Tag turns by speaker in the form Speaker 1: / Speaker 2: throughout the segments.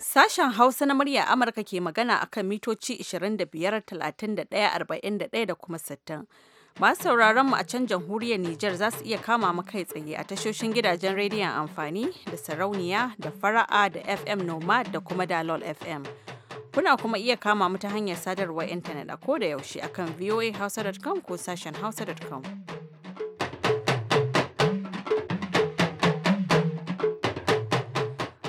Speaker 1: Sashen Hausa na murya Amurka ke magana a kan mitoci 25, 31, 41 da kuma 60. Masu sauraron mu a can jamhuriyar Nijar za su iya kama mu kai tsaye a tashoshin gidajen rediyon amfani da sarauniya da fara'a da FM Nomad da kuma Dalol FM. Kuna kuma iya kama mu ta hanyar sadarwar intanet a koda yaushe akan voahausa.com ko sashen hausa.com.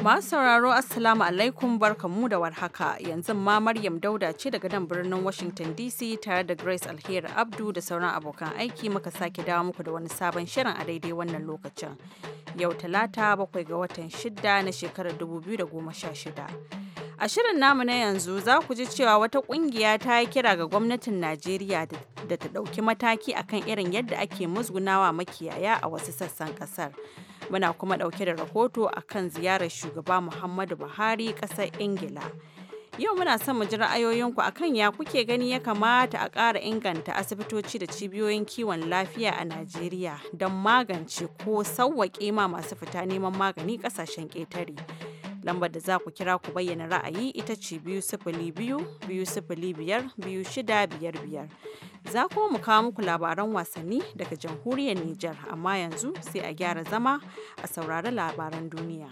Speaker 1: Masu sauraro Assalamu alaikum mu da warhaka yanzu ma Maryam Dauda ce daga nan birnin Washington DC tare da Grace Alheri Abdu da sauran abokan aiki muka sake dawo muku da wani sabon shirin a daidai wannan lokacin. Yau talata bakwai ga watan shida na shekarar 2016. A shirin namu na yanzu za ku ji cewa wata kungiya ta yi kira ga gwamnatin Najeriya da ta ɗauki mataki akan irin yadda ake musgunawa makiyaya a wasu sassan ƙasar. Muna kuma ɗauke da rahoto akan ziyarar shugaba Muhammadu Buhari ƙasar Ingila. Yau muna son mu ji ra'ayoyinku akan ya kuke gani ya kamata a ƙara inganta asibitoci da cibiyoyin kiwon lafiya a Najeriya don magance ko sauwaƙe ma masu fita neman magani ƙasashen ƙetare. Lambar da za ku kira ku bayyana ra'ayi ita ce biyu sifili biyu biyu sifili biyar biyu shida biyar biyar. Za kuma mu kawo muku labaran wasanni daga jamhuriyar Nijar amma yanzu sai a gyara zama a saurari labaran duniya.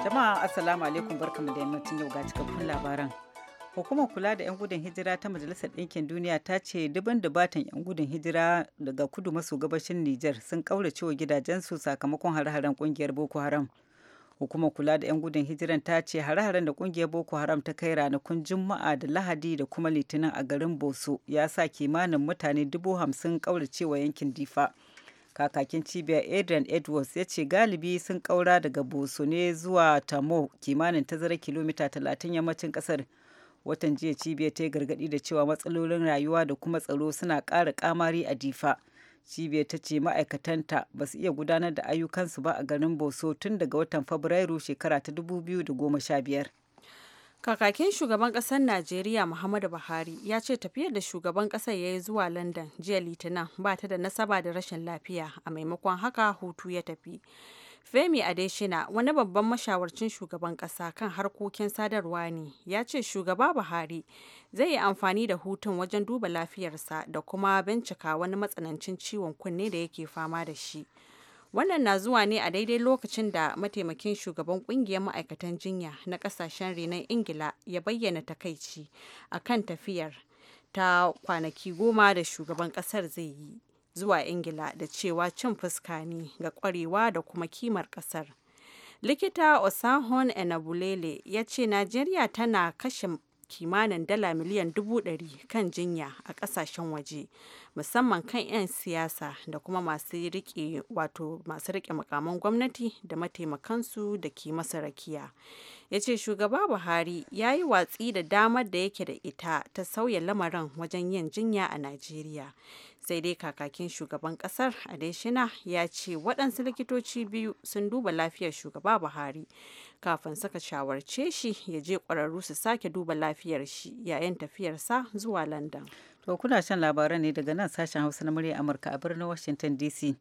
Speaker 2: Jama'a Assalamu alaikum barkamu da yammacin yau ga cikakkun labaran. hukumar kula da 'yan gudun hijira ta majalisar ɗinkin duniya ta ce dubin dubatan 'yan gudun hijira daga kudu maso gabashin niger sun kaurace wa gidajensu sakamakon hare-haren kungiyar boko haram hukumar kula da 'yan gudun hijiran ta ce hare-haren da kungiyar boko haram ta kai ranakun juma'a da lahadi da kuma litinin a garin boso ya sa kimanin mutane dubu hamsin kaurace wa yankin difa kakakin cibiyar adrian edwards ya ce galibi sun kaura daga boso ne zuwa tamo kimanin tazara kilomita 30 yammacin kasar watan jiya cibiyar ta yi gargaɗi da cewa matsalolin rayuwa da kuma tsaro suna ƙara ƙamari a difa cibiyar ta ce ma'aikatanta ba su iya gudanar da ayyukansu ba a garin boso tun daga watan fabrairu shekara ta 2015
Speaker 1: kakakin shugaban ƙasar najeriya muhammadu buhari ya ce tafiyar da shugaban ƙasar ya yi zuwa london jiya litinin ba ta da nasaba da rashin lafiya a maimakon haka hutu ya tafi Femi Adesina, wani babban mashawarcin shugaban kasa kan harkokin sadarwa ne ya ce shugaba Buhari zai yi amfani da hutun wajen duba lafiyarsa da kuma bincika wani matsanancin ciwon kunne da yake fama da shi. Wannan na zuwa ne a daidai lokacin da mataimakin shugaban kungiyar ma'aikatan jinya na kasashen renon Ingila ya bayyana takaici a kan tafiyar ta kwanaki goma da shugaban kasar zai yi. zuwa ingila da cewa cin fuska ne ga kwarewa da kuma kimar kasar likita osahon enabulele ya ce najeriya tana kashe kimanin dala miliyan dubu ɗari kan jinya a ƙasashen waje musamman kan 'yan siyasa da kuma masu rike wato masu rike makaman gwamnati da mataimakansu da ke masarakiya rakiya ya ce shugaba buhari ya yi watsi da damar da yake da ita ta sauya lamarin wajen yin jinya a najeriya sai dai kakakin shugaban kasar adeshina ya ce waɗansu likitoci biyu sun duba lafiyar shugaba buhari kafin suka shawarce shi ya je ƙwararru su sake duba lafiyar shi yayin tafiyarsa zuwa london
Speaker 2: to kuna shan labaran ne daga nan sashen hausa na murya amurka a birnin washington dc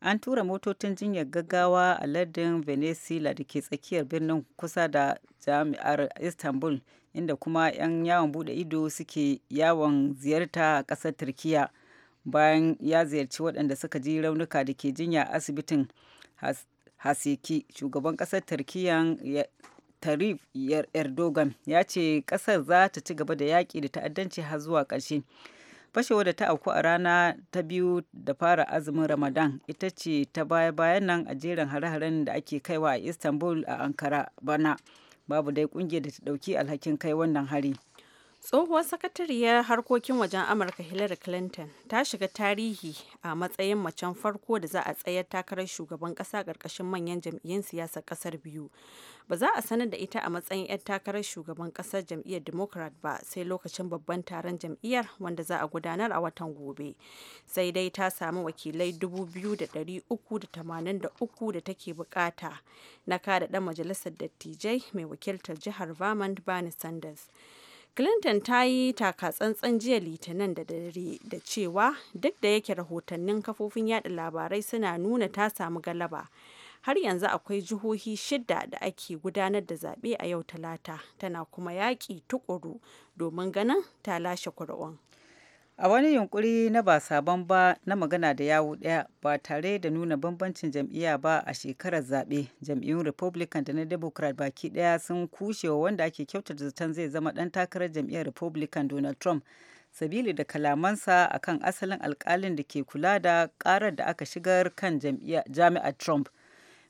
Speaker 2: an tura motocin jinyar gaggawa a lardin venezuela da ke tsakiyar birnin kusa da jami'ar istanbul inda kuma 'yan yawon bude ido suke yawon ziyarta a ƙasar turkiya bayan ya ziyarci waɗanda suka ji raunuka da ke jinya asibitin hasiki shugaban ƙasar turkiyan tarif erdogan ya ce ƙasar za ta ci gaba da yaƙi da ta'addanci har zuwa ƙarshe fashewa da ta auku a rana ta biyu da fara azumin ramadan ita ce ta baya-bayan nan a jerin hare-haren da ake kaiwa a istanbul a ankara bana babu dai kungiyar da ta ɗauki alhakin kai wannan hari
Speaker 1: tsohuwar sakatariyar harkokin wajen amurka hillary clinton ta shiga tarihi a matsayin macen farko da za a tsayar takarar shugaban kasa karkashin manyan jam'iyyun siyasar kasar biyu ba za a sanar da ita a matsayin 'yar takarar shugaban kasar jam'iyyar democrat ba sai lokacin babban taron jam'iyyar wanda za a gudanar a watan gobe sai dai ta samu wakilai 2,383 da take bukata na kada dan majalisar dattijai mai wakiltar jihar vermont bernie sanders Clinton ta yi takatsantsan jiya Litinin da dare da cewa duk da yake rahotannin kafofin yada labarai suna nuna ta samu galaba. Har yanzu akwai jihohi shida da ake gudanar da zaɓe a yau Talata, tana kuma yaƙi tukuru domin ganin ta lashe kuri'un. a wani yunkuri
Speaker 2: na ba sabon ba na magana da yawu ɗaya ba tare da nuna bambancin jam'iyya ba a shekarar zaɓe jam'iyyun republican da na democrat baki ɗaya sun kushewa wanda ake kyautata zaton zai zama ɗan takarar jam'iyyar republican donald trump sabili da kalamansa akan asalin alkalin da ke kula da karar da aka shigar kan jami'ar trump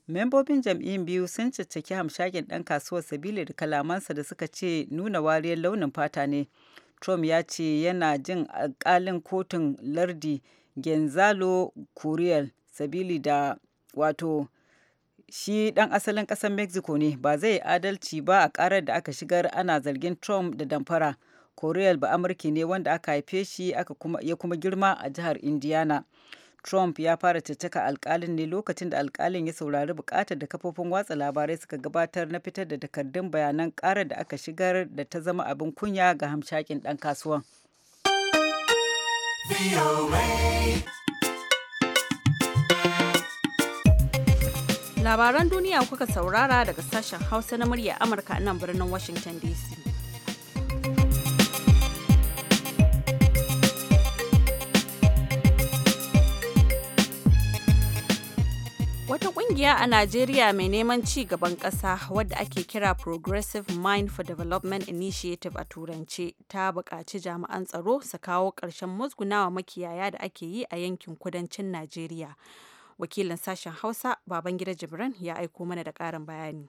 Speaker 2: membobin jam'iyyun biyu sun caccaki hamshakin ɗan kasuwar sabili da kalamansa da suka ce nuna wariyar launin fata ne Trump ya ce yana jin alkalin kotun lardi genzalo Curiel sabili da wato shi dan asalin kasar Mexico ne ba zai adalci ba a karar da aka shigar ana zargin Trump da damfara. Curiel ba Amurki ne wanda aka haife shi ya kuma girma a jihar Indiana. Trump ya fara caccaka alkalin ne lokacin da alkalin ya saurari bukatar da kafofin watsa labarai suka gabatar na fitar da takardun bayanan karar da aka shigar da ta zama abin kunya ga hamshakin dan kasuwan.
Speaker 1: Labaran duniya kuka saurara daga sashen Hausa na murya Amurka nan birnin Washington DC. Kungiya a Najeriya mai neman ci gaban ƙasa wadda ake kira Progressive Mind for Development Initiative a Turance ta buƙaci jami'an tsaro su kawo ƙarshen musgunawa makiyaya da ake yi a yankin kudancin Najeriya. Wakilin sashen Hausa Babangida Jibran ya aiko mana da ƙarin bayani.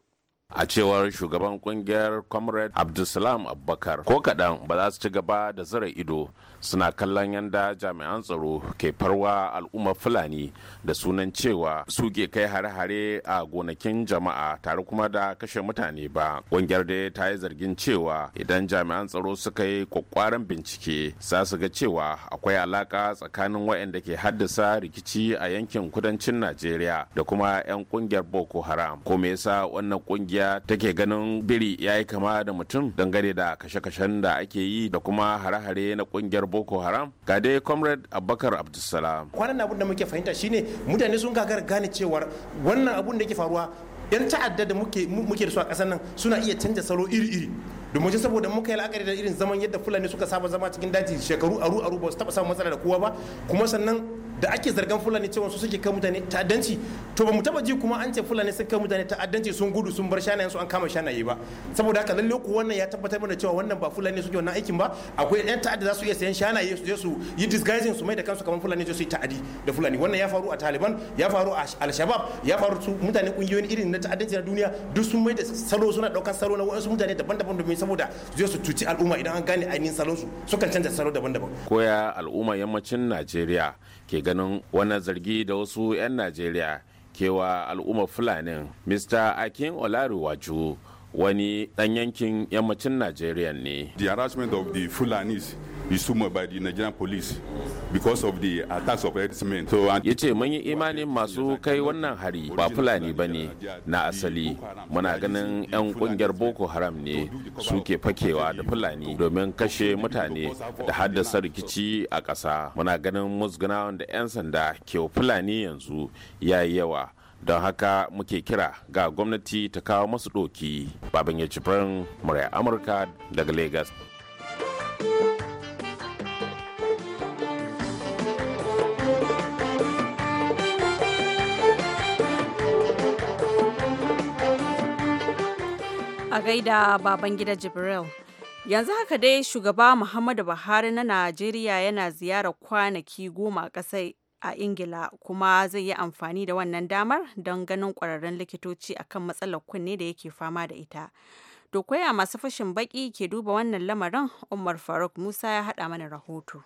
Speaker 3: a cewar shugaban kungiyar comrade abdulsalam abubakar ko kaɗan ba za su ci gaba da zira ido suna kallon yadda jami'an tsaro ke farwa al'ummar fulani da sunan cewa suke kai hare-hare a gonakin jama'a tare kuma da kashe mutane ba kungiyar da ta yi zargin cewa idan jami'an tsaro suka yi kwakwaran bincike za su ga cewa akwai alaka tsakanin waɗanda ke haddasa rikici a yankin kudancin najeriya da kuma 'yan kungiyar boko haram ko me yasa wannan kungiyar kungiya take ganin biri ya yi kama da mutum dangane da kashe-kashen da ake yi da kuma hare-hare na kungiyar boko haram ga dai comrade abubakar abdulsalam
Speaker 4: kwanan abun da muke fahimta shine mutane sun gagara gane cewar wannan abun da ke faruwa yan ta'adda da muke da su a ƙasar nan suna iya canja salo iri-iri domin saboda muka yi la'akari da irin zaman yadda fulani suka saba zama cikin daji shekaru aru aru ba su taba samun matsala da kowa ba kuma sannan da ake zargan fulani cewa su suke kai mutane ta'addanci to ba mu taba ji kuma an ce fulani sun kai mutane ta'addanci sun gudu sun bar shanayen su an kama shanaye ba saboda haka lalle ku wannan ya tabbatar mana cewa wannan ba fulani suke wannan aikin ba akwai yan ta'adda za su iya sayan shanaye su je su yi disguising su mai da kansu kamar fulani su yi ta'adi da fulani wannan ya faru a Taliban ya faru a al shabab ya faru su mutane kungiyoyin irin na ta'addanci na duniya duk sun mai da salo suna daukan salo na wasu mutane daban-daban domin saboda su je su tuci al'umma idan an gane ainihin salon su sukan canza salo daban-daban
Speaker 3: koya al'umma yammacin Najeriya ke ganin wannan zargi da wasu 'yan najeriya kewa al'ummar fulani mr akin olaruwaju wani ɗan yankin yammacin najeriya ne the harassment of the fulanis the Nigerian police because of the attacks of herdsmen. So, ya ce mun yi imanin masu kai wannan hari ba Fulani ba ne na asali muna ganin 'yan kungiyar Boko Haram ne suke fakewa da Fulani domin kashe mutane da haddasa rikici a ƙasa. Muna ganin musgunawan da 'yan sanda ke Fulani yanzu ya yi yawa. don haka muke kira ga gwamnati ta kawo masu doki babin ya murai amurka daga lagos
Speaker 1: a gaida baban gida jibril yanzu haka dai shugaba muhammadu buhari na najeriya yana ziyarar kwanaki goma a ƙasar a ingila kuma zai yi amfani da wannan damar don ganin ƙwararrun likitoci a kan matsalar kunne da yake fama da ita dokoya masu fashin baki ke duba wannan lamarin umar faruk musa ya haɗa mana rahoto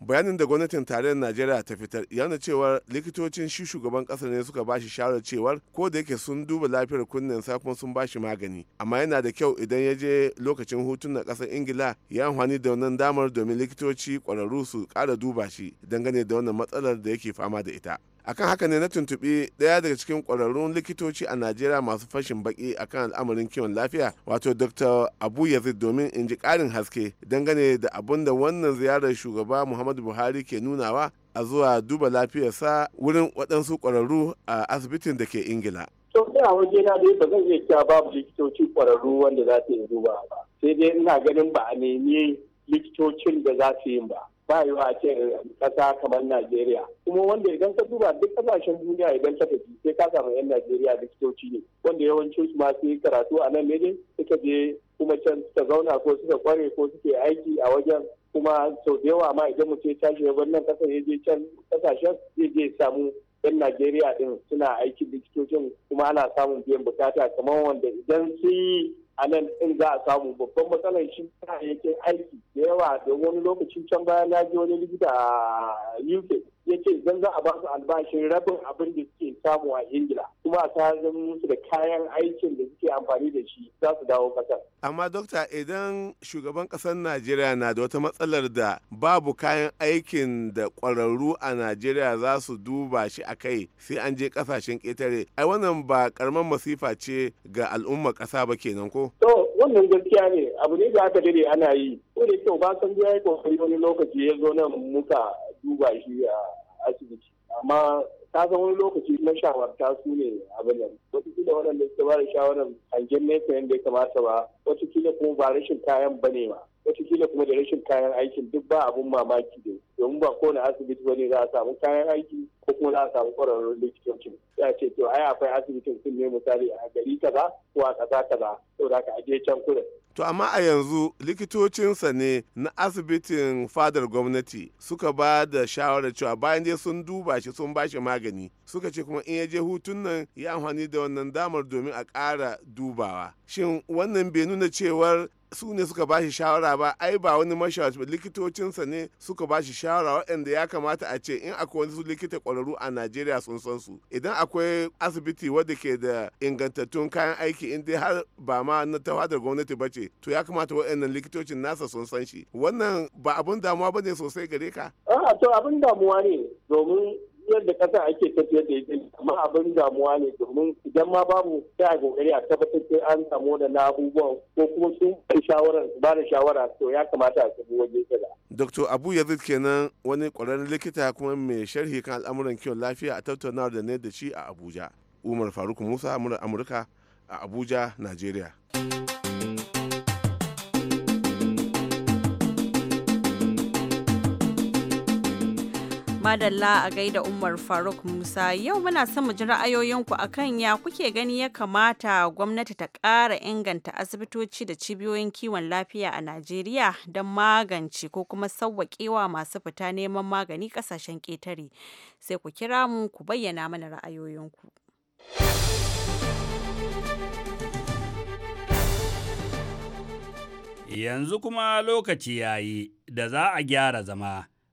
Speaker 5: bayanin da gwamnatin tarayyar najeriya ta fitar yana cewar likitocin shi shugaban kasa ne suka bashi shawarar cewar ko da yake sun duba lafiyar kunnen sa kuma sun bashi magani amma yana da kyau idan ya je lokacin hutun na kasar ingila ya amfani da wannan damar domin likitoci kwararru su kara duba shi dangane da wannan matsalar da yake fama da ita akan haka ne na tuntuɓi ɗaya daga cikin ƙwararrun likitoci a najeriya masu fashin baki akan al'amarin kiwon lafiya wato dr abu yazid domin in ji ƙarin haske dangane da abin da wannan ziyarar shugaba muhammadu buhari ke nunawa a zuwa duba lafiyarsa wurin waɗansu ƙwararru a asibitin da ke ingila
Speaker 6: to a waje na dai ba zan iya cewa babu likitoci ƙwararru wanda za yi duba ba sai dai ina ganin ba a nemi likitocin da za su yi ba ba yiwa a ce kasa kamar Najeriya kuma wanda idan ka duba duk kasashen duniya idan ka tafi sai ka samu yan Najeriya likitoci ne wanda yawancin su ma yi karatu a nan ne dai suka je kuma can suka zauna ko suka kware ko suke aiki a wajen kuma sau da yawa ma idan mutum ya tashi ya nan kasa ya je can kasashen zai je samu yan Najeriya din suna aikin likitocin kuma ana samun biyan bukata kamar wanda idan sun yi a nan in za a samu babban matsalar shi yake aiki da yawa da wani lokacin can bayan na je wani likita a uk ya ce zan za a ba su albashin rabin abin da suke samu a ingila kuma a sanar musu da kayan aikin da suke amfani da shi za su dawo kasar
Speaker 5: amma dokta idan shugaban kasar najeriya na da wata matsalar da babu kayan aikin da kwararru a najeriya za su duba shi a kai sai an je kasashen ketare ai wannan ba karamar masifa ce ga al'umma kasa ba kenan ko
Speaker 6: to wannan gaskiya ne abu ne da aka dade ana yi ko da kyau ba san ya yi kokari wani lokaci ya zo nan muka duba shi a asibiti amma ta zama wani lokaci mashawarta su ne abin nan watakila waɗanda suka ba da shawarar hangen nesa yadda ya kamata ba watakila kuma ba rashin kayan ba ne ba watakila kuma da rashin kayan aikin duk ba abun mamaki ne domin ba kowane asibiti ba ne za a samu kayan aiki ko kuma za a samu ƙwararrun likitocin ya ce to ai akwai asibitin sun ne misali a gari kaza ko a ƙasa kaza saboda da a je can kudin
Speaker 5: To amma a yanzu likitocinsa ne na asibitin fadar gwamnati suka ba da shawarar cewa bayan dai sun duba shi sun bashi magani suka ce kuma in ya je hutun nan ya amfani da wannan damar domin a ƙara dubawa. Shin wannan bai nuna cewar su ne suka ba shi shawara ba ai ba wani mashawarci ba likitocinsa ne suka ba shi shawara waɗanda ya kamata a ce in akwai wani su likita ƙwararru a najeriya sun san su idan akwai asibiti wadda ke da ingantattun kayan aiki in dai har ba ma na fadar gwamnati ba ce to ya kamata waɗannan likitocin nasa sun san shi wannan ba abun damuwa ba ne sosai gare ka.
Speaker 6: Ah, to abin damuwa ne domin tafiyar da kasa ake tafiyar da ita amma abin damuwa ne domin idan ma babu sai a gogari a tabbatar sai an samu da na abubuwan ko kuma sun shawara ba da shawara to ya kamata a tafi waje kaza.
Speaker 5: Dr. Abu Yazid kenan wani ƙwararren likita kuma mai sharhi kan al'amuran kiwon lafiya a tattaunawar da ne da shi a Abuja. Umar Faruk Musa Amurka a Abuja, Najeriya.
Speaker 1: Madalla a gaida Umar Faruk Musa yau muna son mu ji ra'ayoyinku kan ya kuke gani ya kamata gwamnati ta ƙara inganta asibitoci da cibiyoyin kiwon lafiya a Najeriya don magance ko kuma sauwaƙewa masu fita neman magani ƙasashen ƙetare. Sai ku kira mu ku bayyana mana ra'ayoyinku.
Speaker 6: Yanzu kuma lokaci yayi da za a gyara zama.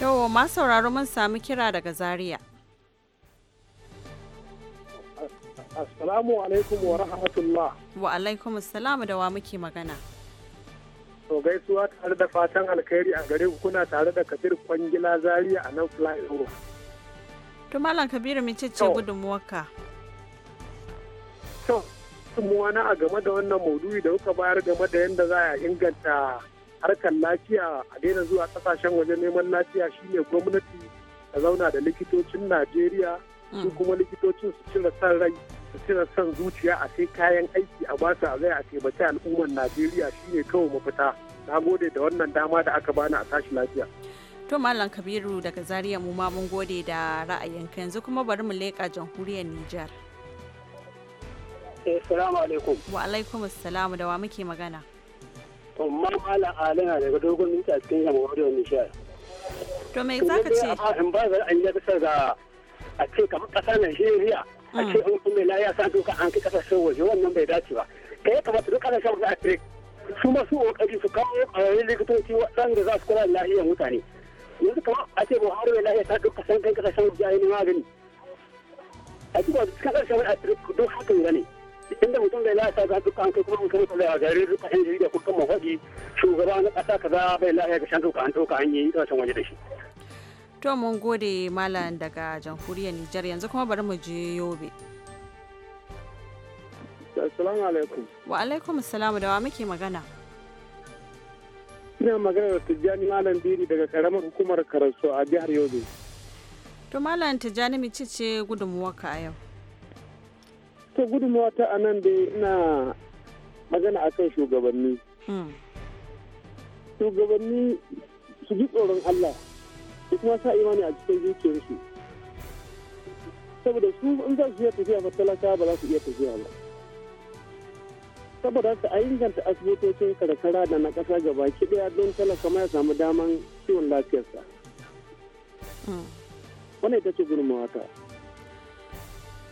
Speaker 1: To ma sauraro mun samu kira daga Zaria.
Speaker 6: Assalamu alaikum wa rahmatullah.
Speaker 1: Wa alaikum assalamu da wa muke magana.
Speaker 6: To gaisuwa tare da fatan alkhairi a gare ku kuna tare da Kabir Kwangila Zaria a nan Fly
Speaker 1: To Malam Kabiru mece ce gudunmuwarka? To, gudunmuwa na
Speaker 6: a game da wannan maudu'i da kuka bayar game da yadda za a inganta harkar lafiya a daina zuwa kasashen waje neman lafiya shine gwamnati ta zauna da likitocin najeriya su mm. kuma likitocin su cire san rai su cire son zuciya a sai kayan aiki a basu a zai a taimaki al'ummar najeriya shine kawai mafita na gode da wannan dama da aka bani a tashi lafiya
Speaker 1: to malam kabiru daga zaria mu ma mun gode da ra'ayinka yanzu kuma bari mu leƙa jamhuriyar nijar Assalamu eh, alaikum. Wa alaikum assalamu da wa muke magana. amma
Speaker 6: malam ali na daga dogon minta cikin yamma da nishiyar to me za ka ce in ba za a yi bisa ga a ce kamar ƙasar najeriya a ce mm. in kuma la ya sa doka an kai ƙasashen waje wannan bai dace ba kai ya kamata duk ƙasashen waje afirka su masu ƙoƙari su kawo ƙwararrun likitoci waɗanda za su kula da lafiyar mutane yanzu kamar a ce buhari ya lafiya ta duk ƙasashen kan ƙasashen waje a yi magani a ci ba su cikin ƙasashen waje afirka duk hakan gane. ne inda mutum zai lafiya ga duka an kai kuma mutum zai lafiya gari duka yan yi da kan mafaɗi shugaba na ƙasa kaza bai lafiya ga shan duka an toka an yi ɗaukan waje da shi.
Speaker 1: To mun gode malam daga jamhuriyar Nijar yanzu kuma bari mu je Yobe.
Speaker 6: Assalamu alaikum.
Speaker 1: Wa alaikum assalamu da wa muke magana.
Speaker 6: Ina magana da Tijjani Malam Biri daga karamar hukumar Karasu a jihar Yobe.
Speaker 1: To Malam Tijjani mu ce ka a yau.
Speaker 6: ta gudunmawa ta a nan da ina magana kan shugabanni hmm. shugabanni su ji tsoron Allah su kuma sa imani a cikin zuciyarsu saboda su in za su iya tafiya ba talaka ba za su iya tafiya ba saboda su a inganta asibitocin karkara da na ƙasa gaba ki daya don talaka ma ya samu daman ciwon lafiyarsa hmm. wannan ita ce gudunmawa ta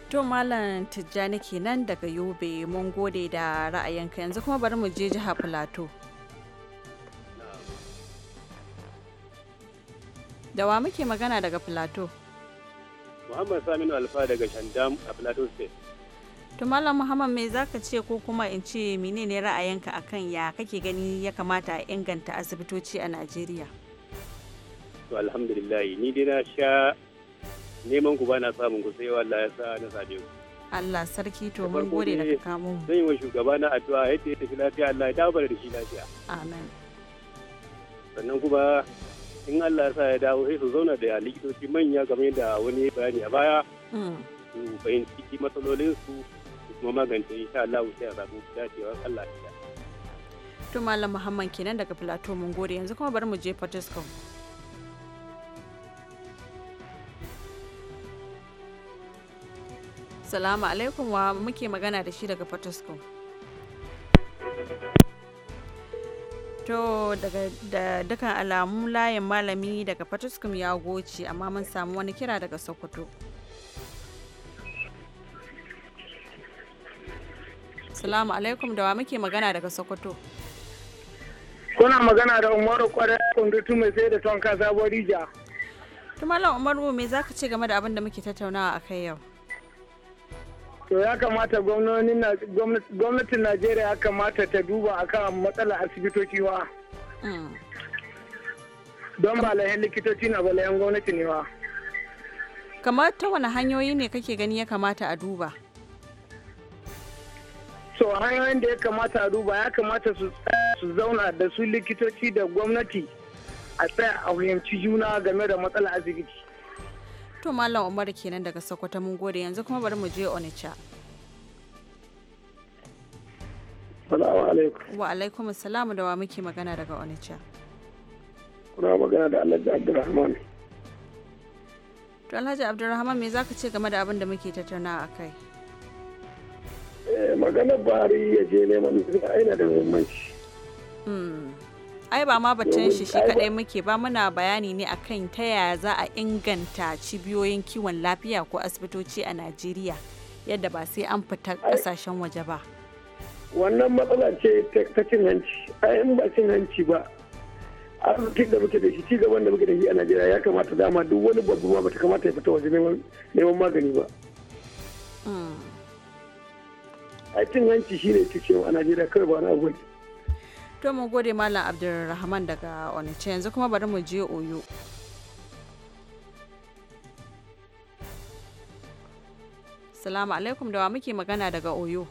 Speaker 1: To Malam Tijjani kenan daga Yobe mun gode da ra'ayinka yanzu kuma bari mu je jiha Filato. Da wa muke magana daga Filato?
Speaker 6: Muhammad Saminu Alfa daga Shandam a Filato State.
Speaker 1: To Malam Muhammad me zaka ce ko kuma in ce menene ra'ayinka akan ya kake gani ya kamata a inganta asibitoci a Najeriya?
Speaker 6: To alhamdulillah ni dai na sha neman ku bana samun ku sai Allah ya sa na same ku
Speaker 1: Allah sarki to mun gode da ka kamo zan yi wa
Speaker 6: shugaba na addu'a yadda ya tafi lafiya Allah ya dawo da shi lafiya amin sannan kuma in Allah ya sa ya dawo sai su zauna da likitoci manya game da wani bayani a baya hmm. su fahimci matsalolin su kuma magance insha Allah sai a samu dacewa Allah ya
Speaker 1: to malam Muhammad kenan daga Plateau mun gode yanzu kuma bari mu je Port Salamu alaikum wa muke magana da shi daga Fatasko. To daga da dukan alamu layin malami daga Fataskum ya goce amma mun samu wani kira daga Sokoto. Salamu alaikum da wa muke magana daga Sokoto.
Speaker 6: Kuna magana da Umaru Kwarai Kundutu mai sai da tonka sabon rija.
Speaker 1: Tumalan Umaru me zaka ce game da abin da muke tattaunawa a kai yau?
Speaker 6: to ya kamata gwamnatin najeriya ya kamata ta duba akan matsalar asibitoci wa mm. don ba lahin likitoci na ba lahin gwamnati ne wa
Speaker 1: kamar ta wani hanyoyi ne kake gani ya kamata a duba
Speaker 6: so hanyoyin da ya kamata a duba ya kamata su zauna da su likitoci da gwamnati
Speaker 7: a tsaya a fahimci juna game da matsalar asibiti
Speaker 1: To Malam Umar kenan daga Sokoto mun gode yanzu kuma bari mu je Onitsha. Wa alaikum salamu da wa muke magana daga Onitsha.
Speaker 6: Kuna magana da Alhaji abdurrahman
Speaker 1: To Alhaji abdurrahman me zaka ce game da abin da muke tattauna a kai?
Speaker 6: Eh, magana bari ya je neman aina da muhimmanci.
Speaker 1: Hmm. ai ba ma batun shi shi kadai muke ba muna bayani ne akan ta yaya za a inganta cibiyoyin kiwon lafiya ko asibitoci a Najeriya yadda ba sai an fita kasashen waje ba.
Speaker 6: Wannan matsala ce ta cin hanci, a in ba cin hanci ba. Arzikin da muke da shi, gaban da muke da shi a Najeriya ya kamata dama duk wani babu ma bata kamata ya fita waje neman magani ba. Hmm. a cin hanci shine cewa a Najeriya kawai ba wani abu
Speaker 1: To mu gode Malam Abdulrahman daga Onitsha yanzu kuma bari mu je Oyo. Salamu alaikum da wa muke magana daga Oyo.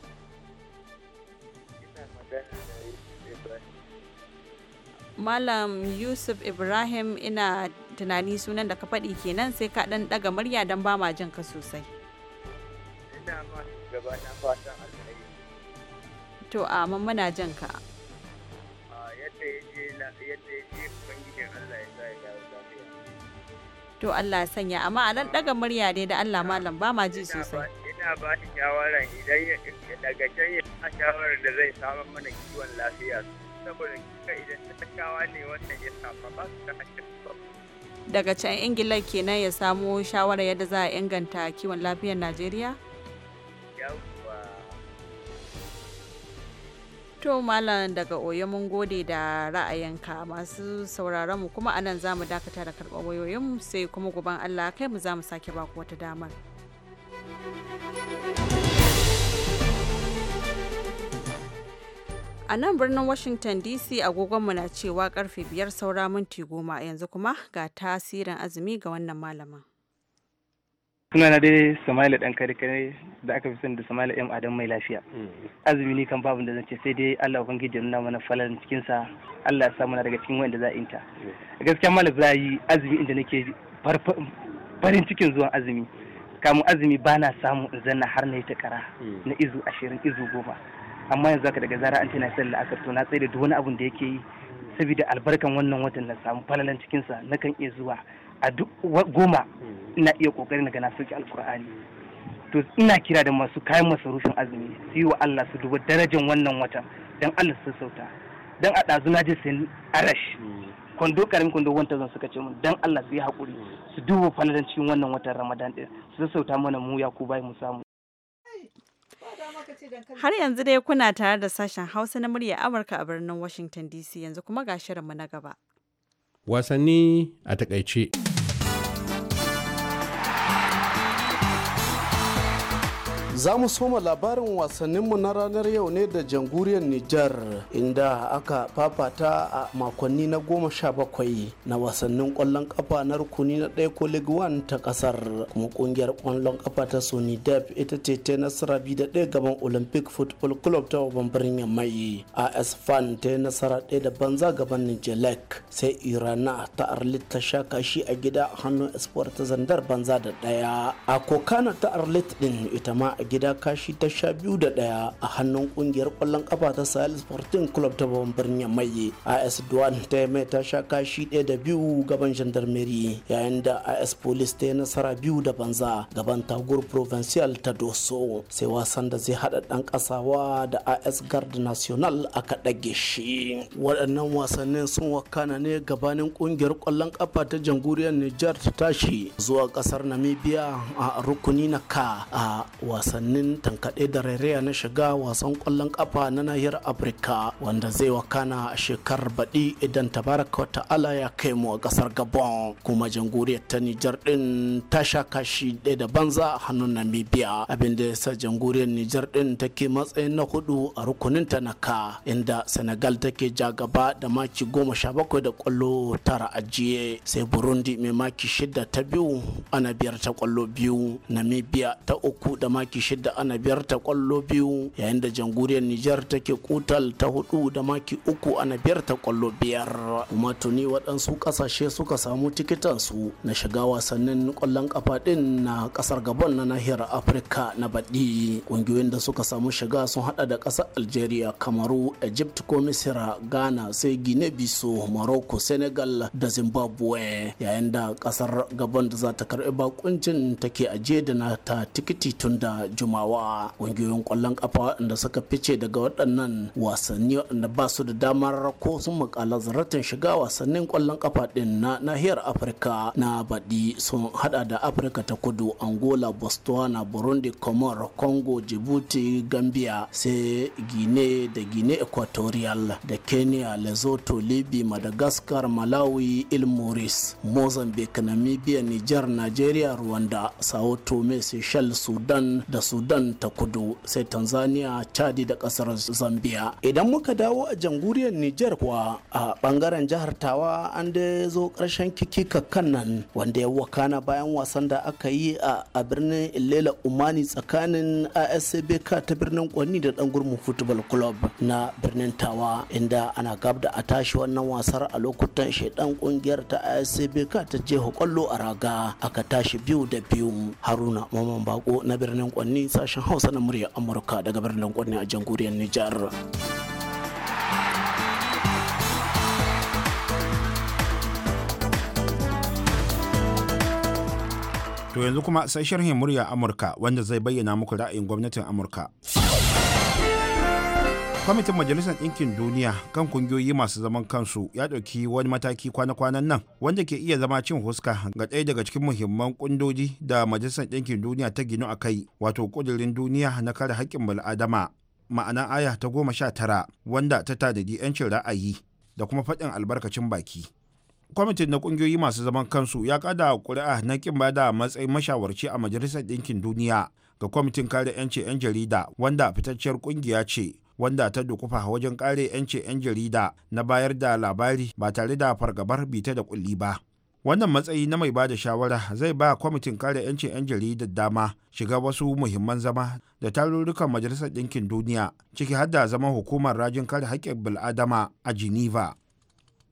Speaker 1: Malam Yusuf Ibrahim ina tunani sunan da ka faɗi kenan sai ka ɗan ɗaga murya don ba ma jin ka sosai. To a muna jin ka.
Speaker 6: yadda ya ubangijin Allah ya sa ya lafiya
Speaker 1: to Allah ya sanya amma a nan daga murya dai da Allah malam ba ma ji sosai
Speaker 6: ina ba shi shawara idan ya daga can ya ba shawarar da zai samu mana kiwon lafiya saboda kika idan ta kawa ne wannan ya samu
Speaker 7: ba su ta
Speaker 1: daga can ingila kenan ya samo shawarar yadda za a inganta kiwon lafiyar najeriya To Malam daga Oyo mun gode da ra'ayinka masu sauraron mu kuma anan zamu dakata da karɓar wayoyin mu sai kuma guban Allah kai mu zamu mu sake baku wata damar. A nan birnin Washington DC agogon mu na cewa karfe biyar saura minti goma yanzu kuma ga tasirin azumi ga wannan malamin.
Speaker 7: Suna na dai Sama'ila dan kare kare da aka fi sani da Sama'ila yan Adam mai lafiya mm. azumi ne kan babu da zance sai dai Allah ubangiji ya nuna mana falalan cikin sa Allah ya sa daga cikin wanda za inta mm. gaskiya malam zai azumi inda nake farin cikin zuwan azumi kamun azumi ba na samu in zanna har na yi ta kara mm. na izu ashirin izu goma amma yanzu aka daga zara an tana sallah asar to na tsaye da duk wani abun da yake yi saboda albarkan wannan watan na samu falalan cikinsa na kan iya zuwa a duk goma hmm. ina iya kokari na gana sauki alkur'ani to ina kira da masu kayan masarufin azumi su yi wa Allah su duba darajar wannan watan don Allah su sauta don a ɗazu na je sayan arash hmm. kwando karin kwando wanta zan suka ce mun don Allah su yi haƙuri hmm. su duba faladan cikin wannan watan Ramadan ɗin su
Speaker 1: sauta mana mu ya
Speaker 7: ku bai mu samu
Speaker 1: Har yanzu dai kuna tare da sashen Hausa na murya Amurka a birnin Washington DC yanzu kuma ga shirinmu na gaba.
Speaker 7: wasanni a takaice. Za mu soma labarin wasanninmu na ranar yau ne da jamhuriyar Nijar inda aka fafata a makonni na goma sha bakwai na wasannin kwallon kafa na rukuni na ɗaya ko League One ta ƙasar kuma ƙungiyar kwallon kafa ta Sony Def ita ce ta nasara biyu da ɗaya gaban Olympic Football Club ta babban birnin Yamai. AS Fan ta nasara ɗaya da banza gaban Nijelek sai Irana ta Arlit ta sha kashi a gida hannun Espoir ta Zandar banza da ɗaya. A Kokana ta Arlit ɗin ita ma a gida kashi ta sha biyu da daya a hannun kungiyar kwallon kafa ta Sahel Sporting Club ta babban birnin Maye. AS Duan ta mai ta sha kashi ɗaya da biyu gaban gendarmerie yayin da is Police ta yi nasara biyu da banza gaban tagur Provincial ta Doso. Sai wasan da zai haɗa ɗan ƙasawa da is Guard National aka ɗage shi. Waɗannan wasannin sun wakana ne gabanin kungiyar kwallon kafa ta jamhuriyar Nijar ta tashi zuwa ƙasar Namibia a rukuni na ka a wasan wasannin tankaɗe da rairaya na shiga wasan ƙwallon ƙafa na nahiyar afirka wanda zai wakana a shekarar baɗi idan tabaraka ta'ala ya kai mu a ƙasar gabon kuma jamhuriyar ta nijar ɗin ta sha kashi ɗaya da banza a hannun namibia abinda ya sa jamhuriyar nijar ɗin take matsayin na hudu a rukunin ta na ka inda senegal take ja gaba da maki goma sha bakwai da ƙwallo tara ajiye sai burundi mai maki shida ta biyu ana biyar ta ƙwallo biyu namibia ta uku da maki shida ana biyar ta kwallo biyu yayin da jamhuriyar Nijar take kutal ta hudu da maki uku ana biyar ta kwallo biyar kuma tuni waɗansu ƙasashe suka samu tikitansu na shiga wasannin kwallon kafa ɗin na ƙasar Gabon na nahiyar Afirka na baɗi ƙungiyoyin da suka samu shiga sun haɗa da ƙasar Algeria Kamaru Egypt ko Misira Ghana sai Guinea biso Morocco Senegal da Zimbabwe yayin da ƙasar Gabon da za ta karɓi bakuncin take ajiye da na ta tikiti tun da jumawa ƙungiyoyin ƙwallon ƙafa da suka fice daga waɗannan wasanni da ba su da damar ko sun makala zaratan shiga wasannin kwallon ƙafa ɗin na nahiyar afirka na baɗi sun haɗa da afirka ta kudu angola botswana burundi comor congo djibouti gambia sai gine da gine equatorial da kenya lesotho libi madagascar malawi ilmoris mozambique namibia niger nigeria rwanda sao tome seychelles sudan da sudan ta kudu sai tanzania chadi da kasar zambia idan muka dawo a jamhuriyar niger kuwa a bangaren jihar tawa an da zo karshen kakan nan wanda ya wakana bayan wasan da aka yi a birnin ilela umani tsakanin asb ta birnin kwanni da dan gurmu football club na birnin tawa inda ana gab da a tashi wannan wasar a lokutan shaidan kungiyar ta asb ta jeho kwallo a raga aka tashi biyu da biyu haruna maman bako na birnin kwani Sani sashen Hausa na muryar Amurka daga birnin Kwanne a jamhuriyar Nijar.
Speaker 4: To yanzu kuma sai sharhin murya Amurka wanda zai bayyana muku ra'ayin gwamnatin Amurka. kwamitin majalisar ɗinkin duniya kan kungiyoyi masu zaman kansu ya ɗauki wani mataki kwana-kwanan nan wanda ke iya zama cin huska ga ɗaya daga cikin muhimman kundoji da majalisar ɗinkin duniya ta ginu a kai wato ƙudurin duniya na kare haƙƙin bal'adama ma'ana aya ta goma sha tara wanda ta tadadi 'yancin ra'ayi da kuma faɗin albarkacin baki kwamitin na ƙungiyoyi masu zaman kansu ya kada ƙuri'a na kin bada matsayin mashawarci a majalisar ɗinkin duniya ga kwamitin kare 'yanci 'yan jarida wanda fitacciyar kungiya ce wanda ta dukufa wajen kare 'yanci 'yan jarida na bayar da labari ba tare da fargabar bita da kulli ba wannan matsayi na mai bada shawara zai ba kwamitin kare 'yanci 'yan jaridar dama shiga wasu muhimman zama da tarurrukan majalisar ɗinkin duniya ciki har da zaman hukumar rajin kare haƙƙin bil'adama a geneva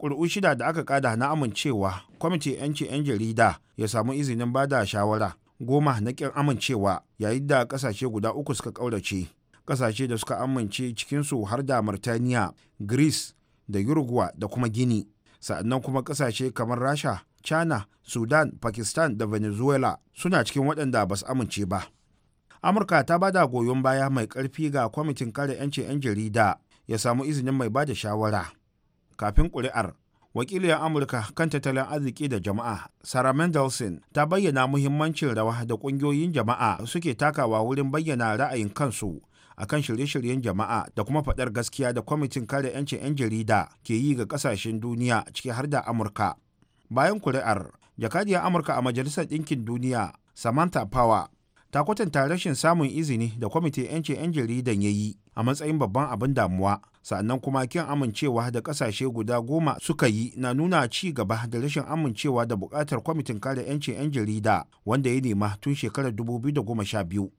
Speaker 4: ƙuri'u shida da aka kada na amincewa kwamitin yanci 'yan jarida ya samu izinin bada shawara goma na ƙin amincewa yayin da ƙasashe guda uku suka ƙaurace kasashe da suka amince cikinsu har da Murtaniya, Greece da Uruguay da kuma Gini. Sa'annan kuma kasashe kamar Rasha, China, Sudan, Pakistan da Venezuela suna cikin waɗanda ba su amince ba. Amurka ta bada goyon baya mai ƙarfi ga kwamitin kare 'yancin 'yan jarida ya samu izinin mai bada shawara. Kafin ƙuri'ar, wakiliyar amurka kan tattalin arziki da jama'a sarah mendelson ta bayyana muhimmancin rawa da ƙungiyoyin jama'a suke takawa wurin bayyana ra'ayin kansu a kan shirye-shiryen jama'a da kuma faɗar gaskiya da kwamitin kare 'yancin 'yan jarida ke yi ga ƙasashen duniya ciki har da amurka bayan kuri'ar jakadiyar amurka a majalisar ɗinkin duniya samantha power ta kwatanta rashin samun izini da kwamitin 'yancin 'yan jaridan ya yi a matsayin babban abin damuwa sannan kuma kin amincewa da ƙasashe guda goma suka yi na nuna ci gaba da rashin amincewa da buƙatar kwamitin kare 'yancin 'yan jarida wanda ya nema tun shekarar 2012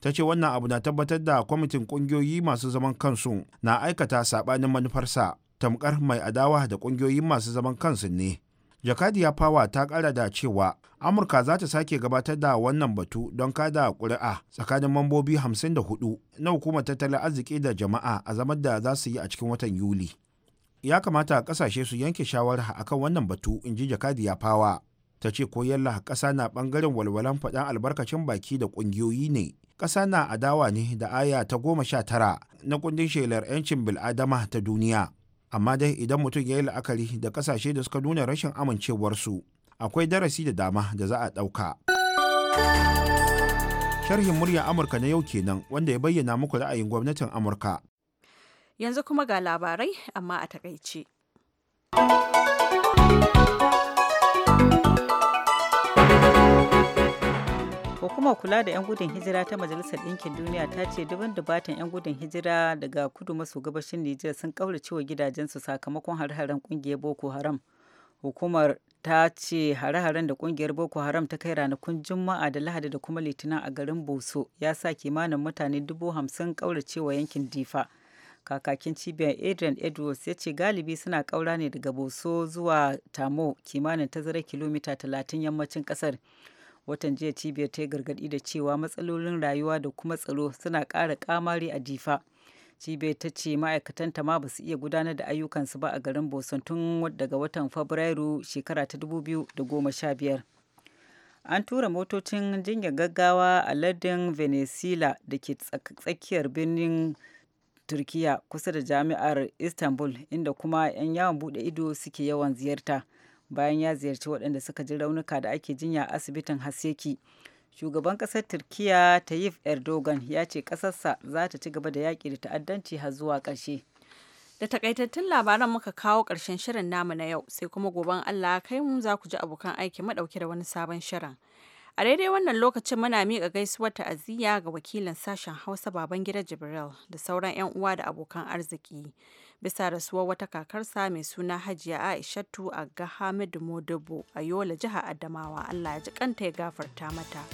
Speaker 4: ta ce wannan abu na tabbatar da kwamitin kungiyoyi masu zaman kansu na aikata sabanin manufarsa tamkar mai adawa da kungiyoyin masu zaman kansu ne jakadiya fawa ta kara da cewa amurka za ta sake gabatar da wannan batu don kada kuri'a tsakanin mambobi 54 na hukumar tattalin arziki da jama'a a zamar da za su yi a cikin watan yuli ya kamata kasashe su yanke shawara akan wannan batu in ji jakadiya fawa ta ce ko ƙasa na ɓangaren walwalan faɗan albarkacin baki da ƙungiyoyi ne ƙasa na adawa ne da aya ta goma sha tara na kundin shelar 'yancin bil'adama ta duniya amma dai idan mutum ya yi la'akari da ƙasashe da suka nuna rashin amincewarsu akwai darasi da dama da za a ɗauka. sharhin muryar amurka na yau kenan wanda ya bayyana muku ra'ayin gwamnatin amurka
Speaker 1: yanzu kuma ga labarai amma a takaice.
Speaker 2: hukumar kula da 'yan gudun hijira ta majalisar ɗinkin duniya ta ce daban dubatan 'yan gudun hijira daga kudu maso gabashin nijar sun kaurace wa gidajensu sakamakon hare-haren kungiyar boko haram hukumar ta ce hare-haren da kungiyar boko haram ta kai ranakun juma'a da lahadi da kuma litinin a garin boso ya sa kimanin mutane dubu hamsin kaurace yankin difa kakakin cibiyar adrian edwards ya ce galibi suna kaura ne daga boso zuwa tamo kimanin tazara kilomita talatin yammacin kasar watan jiya cibiyar ta yi gargaɗi da cewa matsalolin rayuwa da kuma tsaro suna ƙara kamari a difa cibiyar ta ce ma'aikatanta ma ba su iya gudanar da ayyukansu ba a garin boson tun daga watan fabrairu shekara ta 2015 an tura motocin jinyar gaggawa a lardin venezuela da ke tsakiyar birnin turkiya kusa da jami'ar istanbul inda kuma 'yan yawon bude ido suke yawan ziyarta bayan ya ziyarci waɗanda suka ji raunuka da ake jinya a asibitin haseki shugaban ƙasar turkiya tayyip erdogan ya ce ƙasarsa za ta ci gaba da yaƙi da ta'addanci har zuwa
Speaker 1: ƙarshe da takaitattun labaran muka kawo ƙarshen shirin namu na yau sai kuma goben allah kai mu za ku ji abokan aiki madauke da wani sabon shirin a daidai wannan lokacin muna miƙa gaisuwar ta'aziyya ga wakilin sashen hausa baban gida jibril da sauran 'yan uwa da abokan arziki bisa rasuwar wata kakarsa mai suna hajiya aishatu a ga hamidu modibo a yola jihar adamawa allah ya ji kanta ya gafarta mata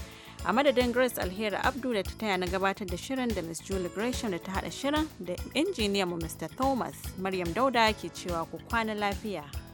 Speaker 1: a madadin grace alheri abdu da ta taya na gabatar da shirin da miss julie gresham da ta hada shirin da injiniyan mu mr thomas maryam dauda ke cewa ku kwana lafiya